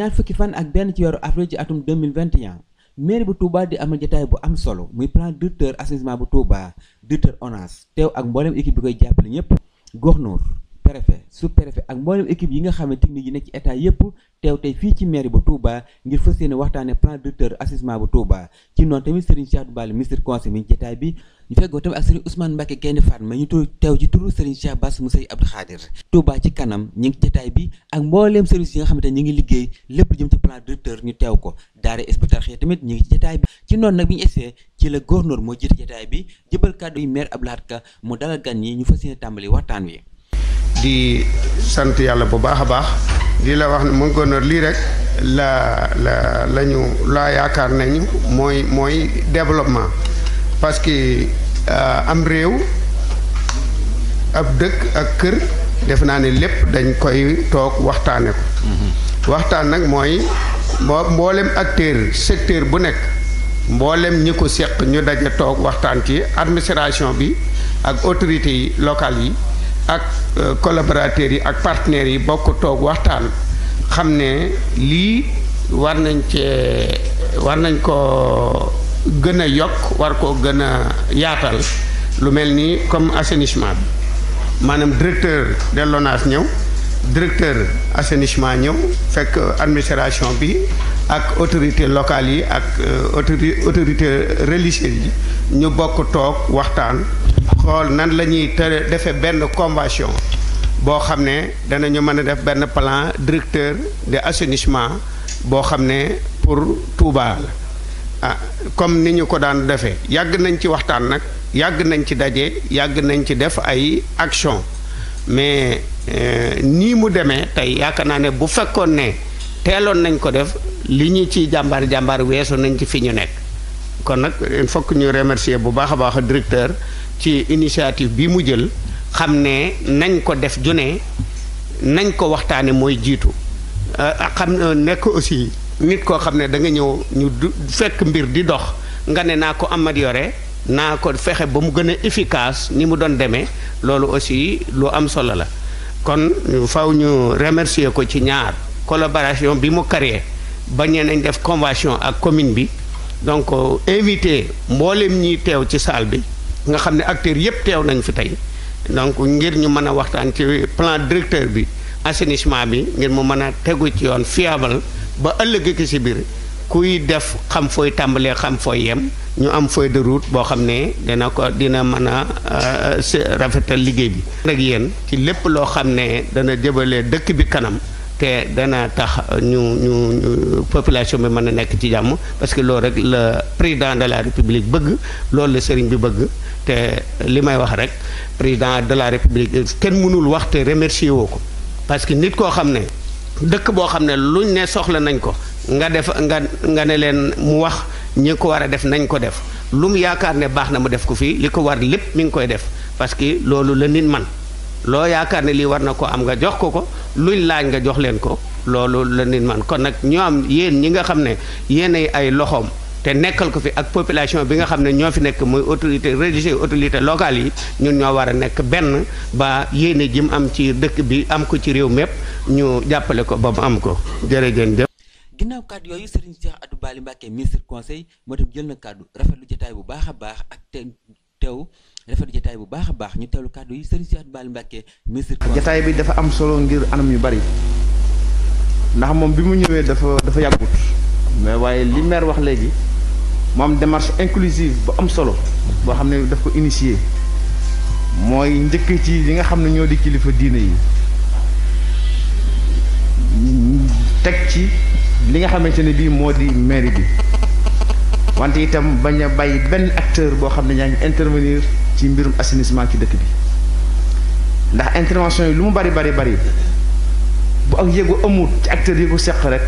ñaar fukki fan ak benn ci weeru avril ci atum 2021 mairie bu Touba di amal jataay bu am solo muy plan directeur assainissement bu Touba directeur ONAS teew ak mboolem équipe bi koy jàppale ñëpp gox noor préfet sous-préfet ak mboolem équipe yi nga xam ne technique yi nekk ci état yépp teew tey fii ci mairie bu Touba ngir fas yéene waxtaane plan directeur assainissement bu Touba ci noonu tamit Serigne Cheikh Abdou Balla ministre conseil mi ngi bi ñu ci kanam ñu ngi jotaay bi ak mbooleem service yi nga xamante ñu ngi liggéey lépp jëm ci plan directeur ñu teew ko daara hospital xëy tamit ñu ngi ci jotaay bi ci noonu nag bi ñu essayé ci la gouverneur moo jiite jotaay bi jëbal wi di sant yàlla bu baax a baax di la wax ne mu ngi ko lii rek la la la yaakaar nañu mooy mooy développement parce que euh, am réew ab dëkk ak kër def naa ne lépp dañ koy toog waxtaane ko waxtaan nag mooy mbooleem acteur secteur bu nekk mboolem ñi ko seq ñu daje toog waxtaan ci administration bi ak autorités yi locales yi ak euh, collaborateurs yi ak partenaires yi bokk toog waxtaan xam ne lii war nañ cee war nañ ko gën a yokk war ko gën a yaatal lu mel ni comme assainissement bi maanaam directeur de l'ONAS ñëw directeur assainissement ñëw fekk administration bi ak autorité locale yi ak euh, autorité autorité religieuse yi ñu bokk toog waxtaan xool nan la ñuy tëre defee benn convention boo xam ne danañu mën a def benn plan directeur de assainissement boo xam ne pour Touba ah comme ni ñu ko daan defee yàgg nañ ci waxtaan nag yàgg nañ ci daje yàgg nañ ci def ay action mais euh, nii mu demee tey yaakaar naa ne bu fekkoon ne teeloon nañ ko def li ñu ciy jàmbaar jàmbaar weesu nañ ci fi ñu nekk kon nag il ñu remercier bu baax a baax directeur ci initiative bi mu jël xam ne nañ ko def junne nañ ko waxtaane mooy jiitu euh, xam euh, nekk aussi nit koo xam ne da nga ñëw ñu du fekk mbir di dox nga ne naa ko yore naa ko fexe ba mu gën a efficace ni mu doon demee loolu aussi lu am solo la kon faw ñu remercier ko ci ñaar collaboration bi mu créé ba ñee nañ def convention ak commune bi donc euh, invité mboolem ñiy teew ci salle bi nga xam ne acteurs yépp teew nañ fi tey donc ngir ñu mën a waxtaan ci plan directeur bi assainissement bi ngir mu mën a tegu ci yoon fiable ba ëllëg ki si biir kuy def xam fooy tàmbalee xam fooy yem ñu am feuille de route boo xam ne dina ko dina mën a euh, rafetal liggéey bi. rek yéen ci lépp loo xam ne dana jëbalee dëkk bi kanam. te dana tax ñu ñu population bi mën a nekk ci jàmm parce que loolu rek la président de la république bëgg loolu la sëriñ bi bëgg te li may wax rek président de la république kenn mënul wax te remercier woo ko parce que nit koo xam ne dëkk boo xam ne luñ ne soxla nañ ko nga def nga nga ne leen mu wax ñi ko war a def nañ ko def lu mu yaakaar ne baax na mu def ko fii li ko war lépp mu ngi koy def parce que loolu la nit man loo yaakaar ne lii war na ko am nga jox ko ko luñ laaj nga jox leen ko loolu la nit man kon nag ñoom yéen ñi nga xam ne yéenay ay loxoom te nekkal ko fi ak population bi nga xam ne ñoo fi nekk muy autorité religieuses autorité locale yi ñun ñoo war a nekk benn ba yéene ji mu am ci dëkk bi am ko ci réew mépp ñu jàppale ko ba mu am ko jëre jërëjëf. ginnaaw kàddu yooyu Serigne Cheikh Abdou Bali Mbacké ministre conseil moo tam jël na kàddu rafetlu jotaay bu baax a baax ak teew rafetlu jataay bu baax a baax ñu teelu kàddu yi Serigne Cheikh Bali Mbacke ministre jataay bi dafa am solo ngir anam yu bari ndax moom bi mu ñëwee dafa dafa yàggut mais waaye li wax léegi mu am démarche inclusive bu am solo boo xam ne daf ko initier mooy njëkk ci yi nga xam ne ñoo di kilifa diine yi teg ci li nga xamante ne bii moo di mairie bi wante itam bañ a bàyyi benn acteur boo xam ne ñaa ngi intervenir ci mbirum assainissement ci dëkk bi ndax intervention yi lu mu bari bari bari bu ak yëgu amut ci acteurs yëgu seq rek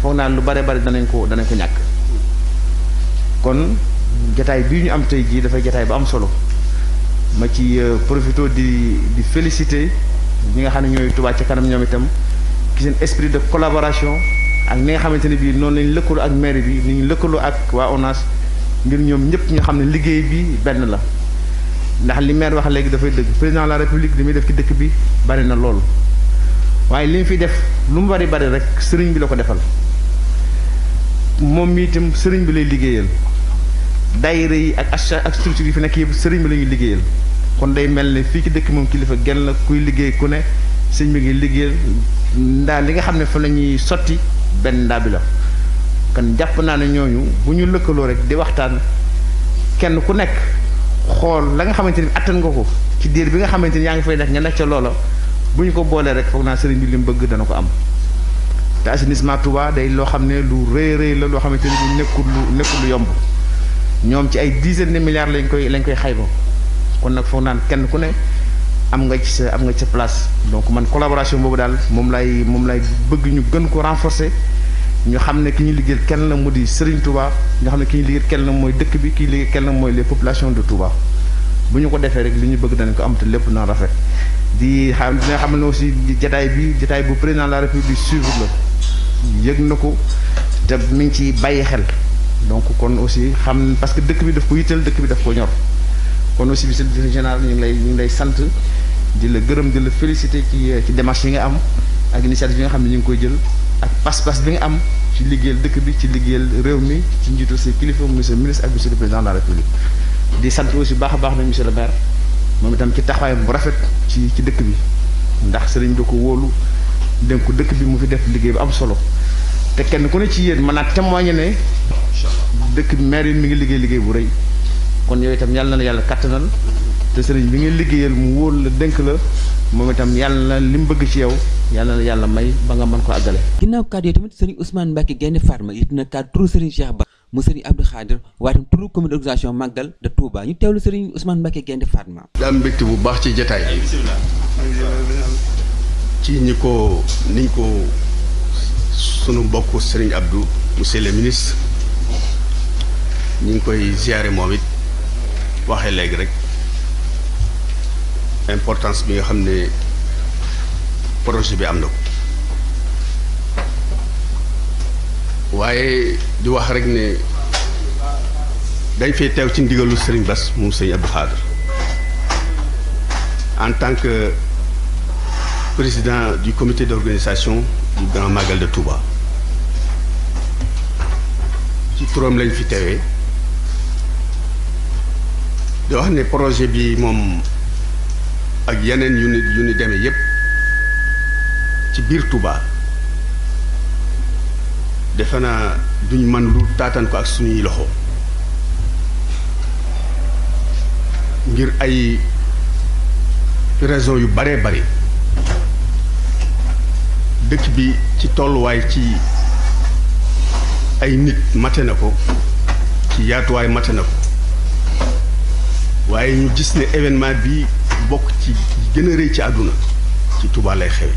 foog naa lu bari bari danañ ko danañ ko ñàkk kon jataay bii ñu am tey jii dafay jataay ba am solo ma ci euh, profito di di féliciter ñi nga xam ne ñooy Touba ci kanam ñoom itam ci seen esprit de collaboration ak ni nga xamante ne bii noonu lañ lëkkaloo ak mairie bi ni ñu lëkkaloo ak waa ONAS ngir ñoom ñëpp ñu xam ne liggéey bi benn la ndax li maire wax léegi dafay dëgg président la république li muy def ci dëkk bi bari na loolu waaye li mu fi def lu mu bari bari rek sëriñ bi la ko defal moom mi itam sëriñ bi lay liggéeyal daayira yi ak ak structure yi fi nekk yëpp sëriñ bi lañuy ñuy liggéeyal kon day mel ne fii ci dëkk moom kilifa genn la kuy liggéey ku ne sëñ bi ngi liggéeyal ndaa li nga xam ne fa la ñuy sotti benn ndaa bi la kon jàpp naa ne ñooñu bu ñu lëkkaloo rek di waxtaan kenn ku nekk xool la nga xamante ni attan nga ko ci diir bi nga xamante ni yaa ngi fay nekk nga nekk ca loola bu ñu ko boolee rek foog naa sëriñ bi li mu bëgg dana ko am te assainissement Touba day loo xam ne lu rëy rëy la loo xamante ni bu nekkul lu nekkul lu yomb ñoom ci ay dizaine de milliards lañ koy lañ koy xayma kon nag foog naan kenn ku ne am nga ci sa am nga ci sa place donc man collaboration boobu daal moom lay moom lay bëgg ñu gën ko renforcer ñu xam ki ñi liguel kenn la mudi Serigne Touba ñu xam ki ñi liguel kenn la moy dëkk bi ki liguel kenn la moy les populations de Touba bu ñu ko défé rek li ñu bëgg dañ ko am té lépp na rafet di xam dina xam ne aussi jataay bi jataay bu président de la république suivre la yegg nako ko te mi ngi ciy xel donc kon aussi xam parce que dëkk bi daf ko yitteel dëkk bi daf ko ñor kon aussi monsieur le directeur général ñu lay ñu lay sant di la gërëm di la féliciter ci ci démarche yi nga am ak initiative yi nga xam ñu ngi koy jël ak pas-pas bi nga am ci liggéeyal dëkk bi ci liggéeyal réew mi ci njiitu say kilifa monsieur ministre ak monsieur le président de la république di sant aussi baax a baax nañu monsieur le maire moom itam ci taxawaayam bu rafet ci ci dëkk bi ndax sëriñ bi ko wóolu dénk dëkk bi mu fi def liggéey bu am solo te kenn ku ne ci yéen mën naa témoigner ne dëkk bi maire yi mi ngi liggéey liggéey bu rëy kon yow itam yàlla na la yàlla kattanal te sëriñ bi ngay liggéeyal mu wóolu la dénk la moom itam yàlla li mu bëgg ci yow yàlla na yàlla may ba nga mën ko àggale. ginnaaw kàddu yi tamit sëriñ Ousmane Mbacke Gaïndé Fatma it na kàddu turu sëriñ Cheikh Ba mu sëriñ Abdou Khadir waaye tam turu comité d'organisation Magal de Touba ñu teewlu sëriñ Ousmane Mbacke Gaïndé Fatma. daal mbégte bu baax ci jataay ci ñi ko niñ ko sunu mbokk sëriñ Abdou monsieur le ministre ñu ngi koy ziare moom it waxee léegi rek importance bi nga xam ne. projet bi am ko waaye di wax rek ne dañ fay teew ci ndigalu serigne Bass moom sëriñ Abdou Khadre en tant que président du comité d'organisation du Grand Magal de Touba ci turam lañ fi teewee de wax ne projet bi mom ak yenen yu ni yu ni demee yépp ci biir tubaa defe na duñ mën lu taataan ko ak suñuy loxo ngir ay raison yu baree bari dëkk bi ci tolluwaay ci ay nit mate na ko ci yaatuwaay mate na ko waaye ñu gis ne événement bi bokk ci gën a rëy ci àdduna ci Touba lay xewe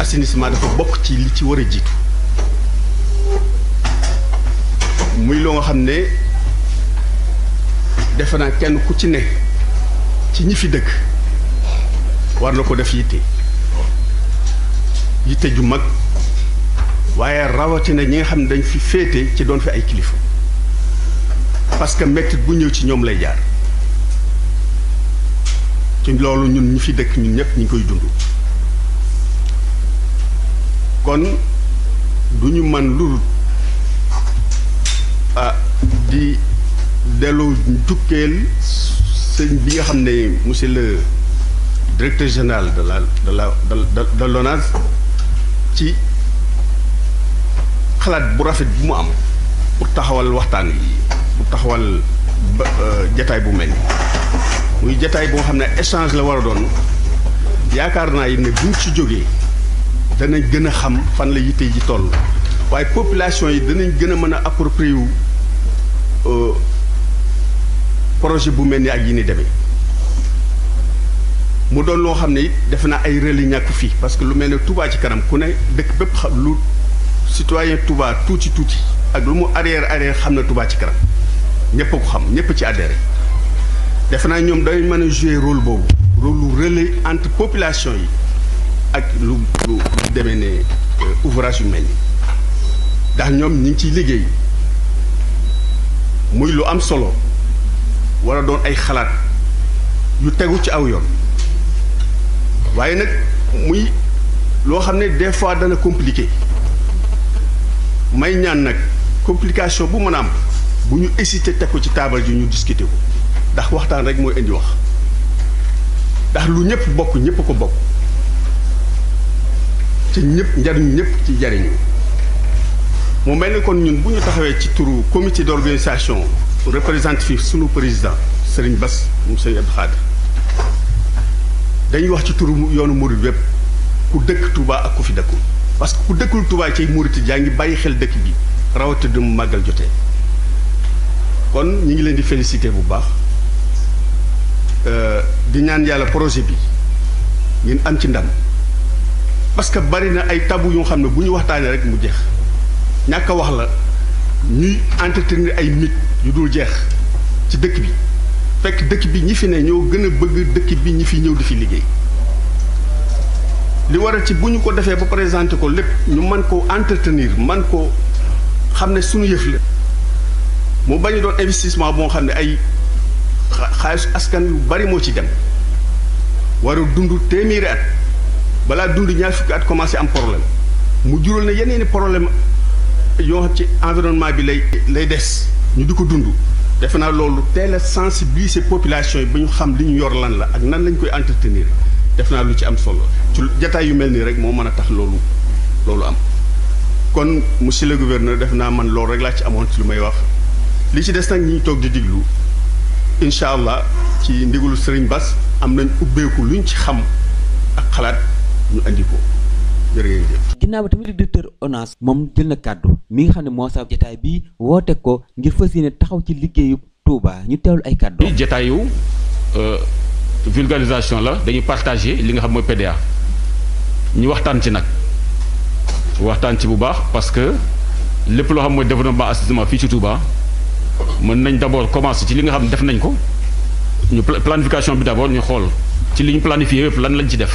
assainissement dafa bokk ci li ci war a jiitu muy loo nga xam ne defe naa kenn ku ci ne ci ñi fi dëkk war na ko def yitte yitte ju mag waaye rawatina ñi nga xam ne dañ fi féete ci doon fi ay kilifa paska mettit bu ñëw ci ñoom lay jaar ci loolu ñun ñi fi dëkk ñun ñëpp ñu ngi koy dund kon du ñu man lu ah di dellu njukkeel sëñ bi nga xam ne monsieur le directeur général de la de la de ci xalaat bu rafet bu mu am pour taxawal waxtaan yi pour taxawal euh, jataay bu mel muy jataay boo xam ne échange la war a doon yaakaar naa yi ne buñ ci jógee danañ gën a xam fan la yitte ji toll waaye population yi danañ gën a mën a approprier wu euh, projet bu mel ni ak yi ni demee mu doon loo xam ne it def na ay relais ñàkk fii parce que lu mel ne Touba ci kanam ku ne dëkk bépp xam lu citoyen Touba tuuti tuuti ak lu mu arrière arrière xam na tubaa ci kanam ñëpp ko xam ñëpp ci adhéré def naa ñoom dañ mën a jouer rôle boobu rôle lu relais entre population yi lu lu demee ne euh, ouvrage yu mel ni ndax ñoom ñi ngi ciy liggéey muy lu am solo wala doon ay xalaat yu tegu ci aw yoon waaye nag muy loo xam ne des fois dana compliqué may ñaan nag complication bu mën a am bu ñu hésité teg ko ci taabal ji ñu discuter ko ndax waxtaan rek mooy indi wax ndax lu ñëpp bokk ñëpp ko bokk ci ñëpp njariñ ñëpp ci jariñu moo mel ni kon ñun bu ñu taxawee ci turu comité d'organisation représentatif sunu président Serigne Bass mu Serigne Abdou Khadre dañuy wax ci turu yoonu murid wépp ku dëkk Touba ak ku fi dëkkul parce que ku dëkkul Touba ci murid yaa ngi bàyyi xel dëkk bi rawatina mu màggal jotee kon ñu ngi leen di féliciter bu baax euh, di ñaan yàlla projet bi ngeen am ci ndam parce que bari na ay tabu yoo xam ne bu ñu waxtaanee rek mu jeex ñàkk a wax la ñuy entretenir ay mythe yu dul jeex ci dëkk bi fekk dëkk bi ñi fi ne ñoo gën a bëgg dëkk bi ñi fi ñëw di fi liggéey li waral ci bu ñu ko defee ba présenté ko lépp ñu man ko entretenir man ko xam ne suñu yëf la mu bañ doon investissement boo xam ne ay xaalisu askan yu bari moo ci dem war a dund téeméeri at balaa dund ñaar fukki at commencé am problème mu jural na yeneen i problème yoo xam ci environnement bi lay lay des ñu du ko dund defe naa loolu teel a sensibiliser population yi ba ñu xam li ñu yor lan la ak nan lañ koy entretenir def naa lu ci am solo ci jataay yu mel nii rek moo mën a tax loolu loolu am kon monsieur la gouverneur def naa man loolu rek laa ci amoon ci lu may wax li ci des nag ñi toog di diglu incha allah ci ndigalu Serigne Bass am nañ ubbeeku luñ ci xam ak xalaat ñu andi ko jërë ngeen jëf. ginnaaw bi tamit directeur ONAS moom jël na kàddu mi nga xam ne moo saab jataay bi woote ko ngir fas yéene taxaw ci liggéeyu Touba ñu teewlu ay kàddu. bi jataayu euh, vulgarisation la dañuy partagé li nga xam mooy PDA ñu waxtaan ci nag waxtaan ci bu baax parce que lépp loo xam mooy développement assainissement fii ci Touba mën nañ d' abord commencé ci li nga xam def nañ ko ñu planification bi d' abord ñu xool ci li ñu planifié yëpp lan lañ ci def.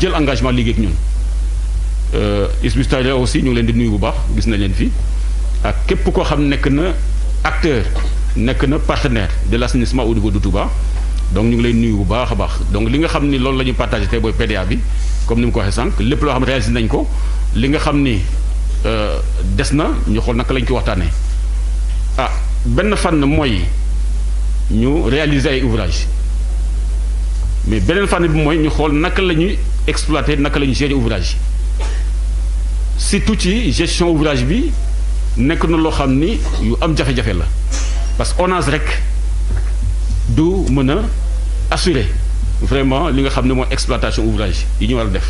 jël engagement liggéey ak ñun euh, aussi ñu leen nuyu bu baax gis nañ leen ak képp ko acteur partenaire de l'assainissement au niveau de Touba donc nous ngi lay nuyu bu donc PDA comme nous ko waxe sank lepp réalisé nañ ko li nga xam euh, des na ñu xol nak lañ ah, réaliser mais benen fànn bi moy ñu xol naka lañuy exploiter naka lañuy ñuy gérer ouvrage tout ci gestion ouvrage bi nek na lo xamni yu am jafe-jafe la parce qu'onage rek du mëna assurer vraiment li nga xamni ne exploitation ouvrage yi ñu wara def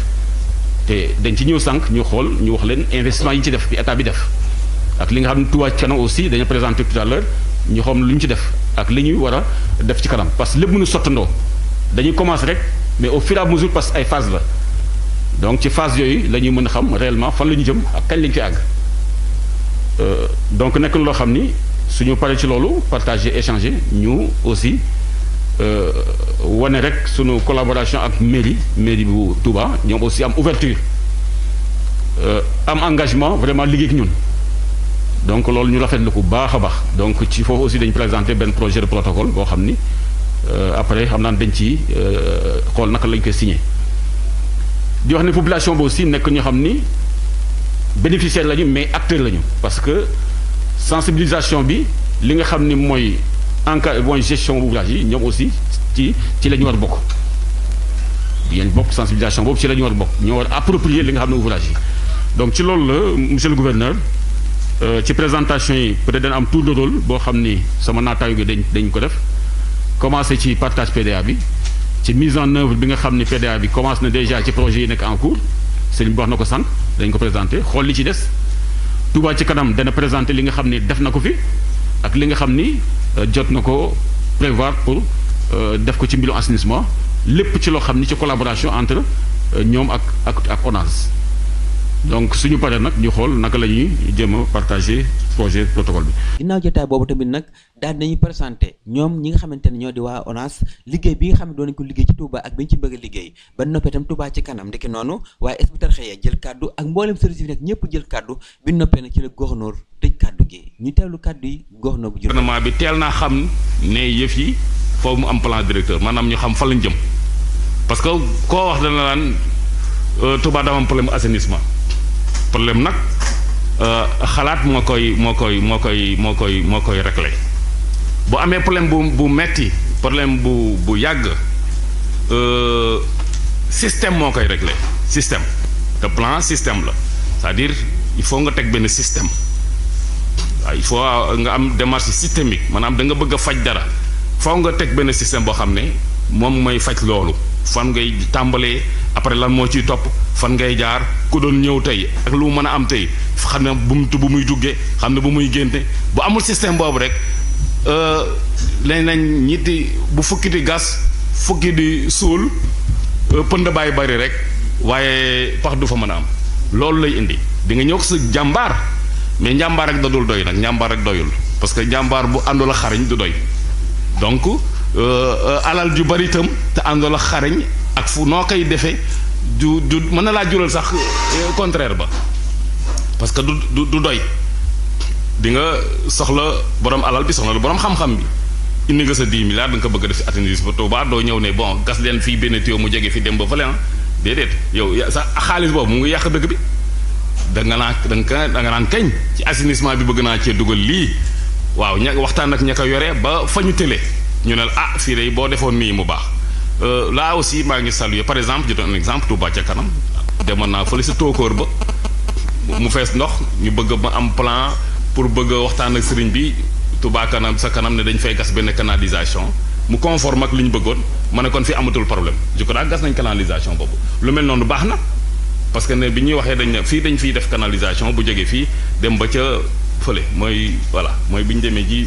té dañ ci ñëw sank ñu xol ñu wax leen investissement yi ci def bi état bi def ak li nga xamni ne Touba Canam aussi dañu présenter tout à l'heure ñu xam luñ ci def ak li ñuy war def ci kanam parce que lepp mënu sottandoo dañuy commencer rek mais au fur et à mesure parce que ay phase la donc ci phase yoyu la mëna a xam réellement fan lañu jëm ak kañ la fi àgg euh, donc nek lo xamni suñu paree ci lolu partager échanger ñu aussi euh, woné rek suñu collaboration ak mairie mairie bu Touba ñom aussi am ouverture euh, am engagement vraiment ligue ak ñun donc nous ñu rafetlu ko coup baax donc ci faut aussi dañu présenter ben projet de protocole bo xamni euh, après xam naan dañ ci euh, xool naka lañ ko signé di wax ni population bo aussi nek ñu xam ni bénéficiaire lañu mais acteur lañu parce que sensibilisation bi li nga xam ni mooy bon gestion ouvrage yi aussi ci ci la war bok bien bok sensibilisation boobu ci la war bok ñu war approprier li nga xam ne ouvrage donc ci loolu monsieur le gouverneur euh, ci présentation yi peut-être dana am tout le rôle bo xam ni sama naataango dañ dañ ko def commencé ci partage PDA bi mise en œuvre bi PDA déjà ci projet en cours c'est ko présenté li ci ce ci présenté li nga PDA, def euh, prévoir pour euh, def ko ci mbiru assainissement lépp ci collaboration entre euh, ñoom ak donc suñu paré nak ñu xol naka lañuy jëma partager projet protocole bi ginaaw jotaay bobu tamit nak daal nañu présenter ñoom ñi nga xamanteni ñoo di waa ONAS liggéey bi nga xam doon ko liggéey ci Touba ak biñ ci bëgg liggéey ba tam Touba ci kanam ndiki noonu waaye esbitar xëye jël kaddu ak mboolem service bi nag jël kaddu bi noppee nag ci la gouverneur tëj kaddu gi ñu teewlu kaddu yi gouverneur bu jël gouvernement bi teel naa xam ne yëf yi foofu mu am plan directeur ñu xam lañ jëm parce que wax dana euh, Touba am problème assainissement problème nag euh, xalaat moo koy moo koy moo koy moo koy moo koy regle bu amee problème bu bu metti problème bu bu yàgg euh, système moo koy regle système te plan système la c'est-à-dire il faut nga teg benn système waaw il nga am démarche systémique maanaam da nga bëgg a faj dara faw nga teg benn système boo xam ne moom mooy faj loolu fan ngay tàmbalee après lan moo ciy topp fan ngay jaar ku doon ñëw tey ak lu mën a am tey xam ne bu mu bu muy duggee xam bu muy bu amul système rek lañ euh, bu fukki di gas fukki di sul, euh, pënd bàyyi bari rek waaye pax du fa mën am loolu lay indi di nga ñëw sa jàmbaar mais njàmbaar rek da dul doy nag njàmbaar rek doyul parce que bu àndul xariñ du doy donc Euh, euh, alal ju bari itam te àndol ak xarañ ak fu noo koy du du mën na laa jural sax euh, contraire ba parce que du du doy di nga soxla borom alal bi soxla borom xam-xam bi indi nga sa 10 milliards da nga ko bëgg a def atténuer ba Touba doo ñëw ne bon gas leen fii benn tuyau mu jege fi dem ba fële ah déedéet yow ya, sa xaalis boobu mu ngi yàq dëkk bi da nga naa da nga da nga naan kañ ci assainissement bi bëgg naa cee dugal li waaw ña waxtaan ak ña ko yore ba fa ñu télé ñu ne ah fi day bo defone nii mu euh là aussi ma ngi saluer par exemple je donne un exemple Touba ca kanam demoon naa fële si tóokóor ba mu fess ndox ñu bëgg ba am plan pour bëgg waxtaan ak sëriñ bi Touba kanam sa kanam ne dañ fay gas ben canalisation mu conforme ak liñ ñu bëggoon ma kon fi amatul problème je da gas nañ canalisation boobu lu mel noonu baax na parce que né biñuy waxé dañ ne fii dañ fi def canalisation bu jógee fi dem ba ca fële moy voilà mooy bi ñu demee ji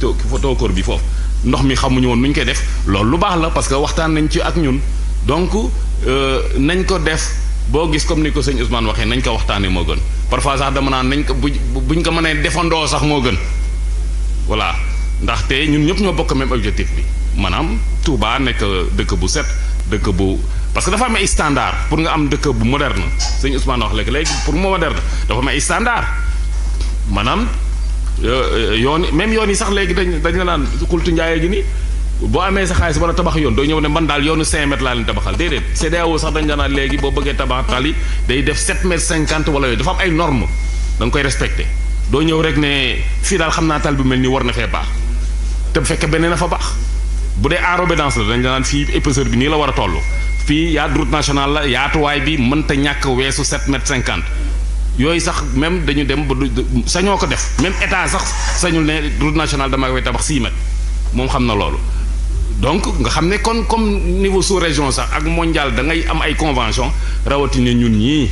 tóokóor bi foofu ndox mi xamuñu woon nu ñu koy def loolu lu baax la parce que waxtaan nañ ci ak ñun donc euh, nañ ko def boo gis comme ni ko sëñ Ousmane waxee nañ ko waxtaanee moo gën parfois sax dama naan nañ ko bu buñ ko mënee defandoo sax moo gën voilà ndaxte ñun ñëpp ñoo bokk même objectif bi maanaam Touba nekk dëkk bu set dëkk bu parce que dafa am ay standard pour nga am dëkk bu moderne sëñ Ousmane wax léegi léegi pour mu moderne dafa am standard maanaam. Euh, euh, yoon même yoon yi sax léegi dañ dañ la naan xultu njaayee gi ni boo amee sa xaalis wala tabax yoon doo ñëw ne man daal yoonu 5 mètres laa leen tabaxal déedéet CEDEAO sax dañ la léegi boo bëggee day def 7 mètres 50 wala yooyu dafa am ay norme danga koy respecté doo ñëw rek ne fii daal xam naa taal bu mel nii war na fee baax te bu fekkee beneen a fa baax bu dee aérobédance la dañ la fii épaisseur bi nii la war a toll fii yaa route nationale la yaatuwaay bi mënta ñàkk weesu 7 mètres 50 yoy sax même dañu dem ba du ko def même état sax sañul né route nationale dama koy tabax 6 mètres mom xamna lolu donc nga xamné kon comme niveau sous région sax ak mondial da ngay am ay convention né ñun ñii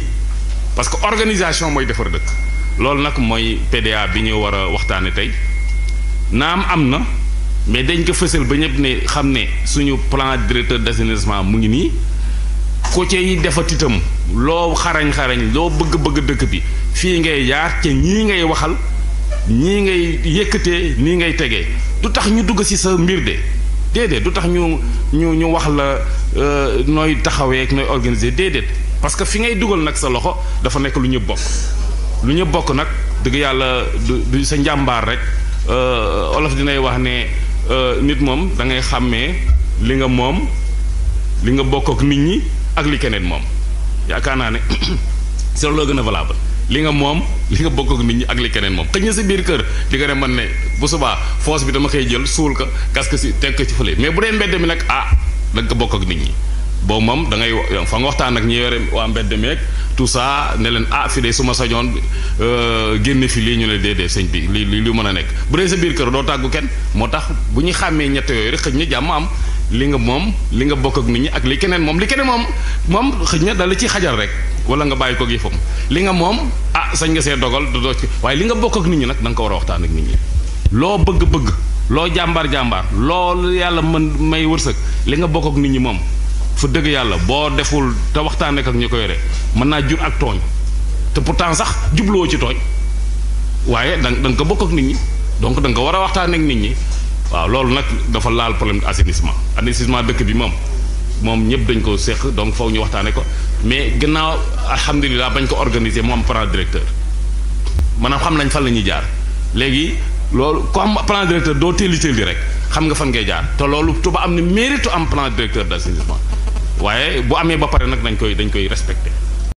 parce que organisation moy defar deuk lolu nak moy PDA bi ñu wara waxtane tay tey naam am mais dañ ko fësal ba ñep né xamné suñu plan directeur d'assainissement mu ngi nii côté yi defatitam loo xarañ-xarañ loo bëgg-bëgg dëkk bi fii ngay jaar ci ñii ngay waxal ñii ngay yëkkatee nii ngay tegee du tax ñu dugg ci sa mbir de déedéet du tax ñu ñu ñu wax la euh, nooy taxawee ak nooy organiser déedéet parce que fi ngay dugal nag sa loxo dafa nekk lu ñu bokk lu ñu bokk nag dëgg yàlla du sa njàmbaar rek euh, olof dinay wax ne euh, nit moom da ngay xàmmee li nga moom li nga bokk ak nit ñi ak li keneen moom yaakaar naa ne si loolu gën a valable li nga moom li nga bokk ak nit ñi ak li keneen biir kër di man ne bu subaa force bi dama koy jël suul ko kas si teg ko ci fële mais bu dee mbedd mi nag ah da nga bokk ak nit ñi boobu moom da ngay fa nga waxtaan ak ñi yore waa mi tout ça ne ah fi de su ma sañoon euh, génne fi lii ñu ne déedéet sëñ bi li li mën a bu dee sa biir kër doo tàggu kenn moo bu ñu xàmmee ñett yooyu rek xëy na am li nga moom li nga bokk ak nit ñi ak li keneen moom li keneen moom mom xëj na ci xajal rek wala nga bàyyi ko gi fam li nga mom ah sañ nga see dogal doo ci waaye li nga bokk ak nit ñi nag da nga ko war a waxtaan ak nit ñi loo bëgg-bëgg loo jàmbaar-jàmbaar loolu yàlla mën may wërsëg li nga bokk ak nit ñi mom fu dëgg yàlla boo deful te waxtaanee ak ñu ko yore mën naa jur ak tooñ te pourtant sax jubluwoo ci tooñ waaye da nga ko bokk ak nit ñi donc da ko war waxtaan ak nit ñi waaw loolu nag dafa laal problème assainissement assainissement dëkk bi moom moom ñëpp dañ ko seq donc faw ñu waxtaane ko mais gannaaw alhamdulilah bañ ko organiser mu am plan directeur maanaam xam nañ fan la ñuy jaar léegi loolu ku am plan directeur doo téeli téeli rek xam nga fan ngay jaar te loolu Touba am na mérite am plan directeur d'assainissement waaye bu amee ba pare nag dañ koy dañ koy respecté